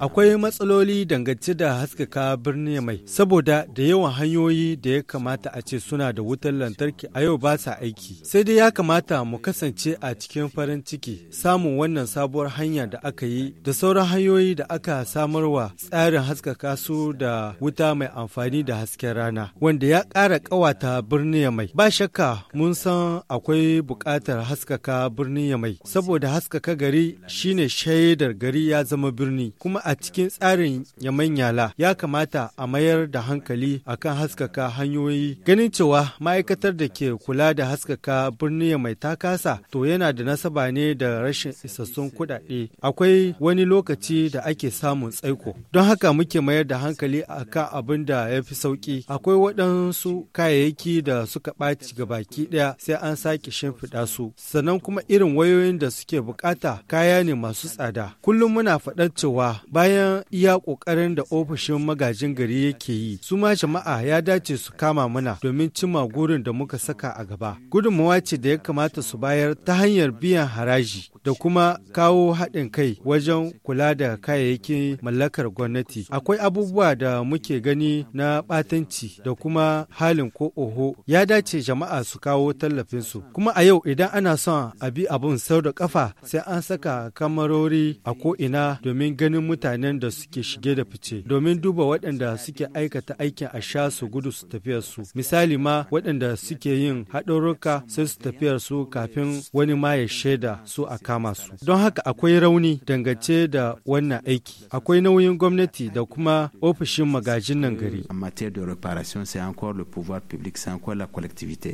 Akwai matsaloli dangance da haskaka birni mai, saboda da yawan hanyoyi da ya kamata a ce suna da wutar lantarki a yau ba sa aiki. Sai dai ya kamata mu kasance a cikin farin ciki samun wannan sabuwar hanya da aka yi da sauran hanyoyi da aka samarwa tsarin haskaka su da wuta mai amfani da hasken rana, wanda ya ƙara ƙawata birni mai. Ba shakka mun san akwai buƙatar haskaka birni mai, saboda haskaka gari shine shaidar gari ya zama birni kuma a cikin tsarin ya manyala, ya kamata a mayar da hankali akan haskaka hanyoyi ganin cewa ma'aikatar da ke kula da haskaka birni mai takasa to yana da nasaba ne da rashin isassun kuɗaɗe akwai wani lokaci da ake samun tsaiko don haka muke mayar da hankali akan abin da ya fi sauki akwai waɗansu kayayyaki da suka ɓaci ga baki ɗaya sai an sake shimfiɗa su sannan kuma irin wayoyin da suke bukata kaya ne masu masu tsada. Kullum muna faɗar cewa bayan iya ƙoƙarin da ofishin magajin gari yake yi, su ma jama'a ya dace su kama mana domin cimma gurin da muka saka a gaba. Gudunmawa ce da ya kamata su bayar ta hanyar biyan haraji da kuma kawo haɗin kai wajen kula da kayayyakin mallakar gwamnati. Akwai abubuwa da muke gani na ɓatanci da kuma halin ko oho. Ya dace jama'a su kawo tallafinsu. Kuma a yau idan ana son a bi abun sau da ƙafa sai an saka kamar kyamarori a ko'ina domin ganin mutanen da suke shige da fice, domin duba waɗanda suke aikata aikin a sha su gudu su tafiyar su. Misali ma waɗanda suke yin haɗarurruka sai su tafiyar su kafin wani ma ya shaida su a kama su. Don haka akwai rauni dangance da wannan aiki. Akwai nauyin gwamnati da kuma ofishin magajin nan gari. a matière de reparation c'est le public, an encore la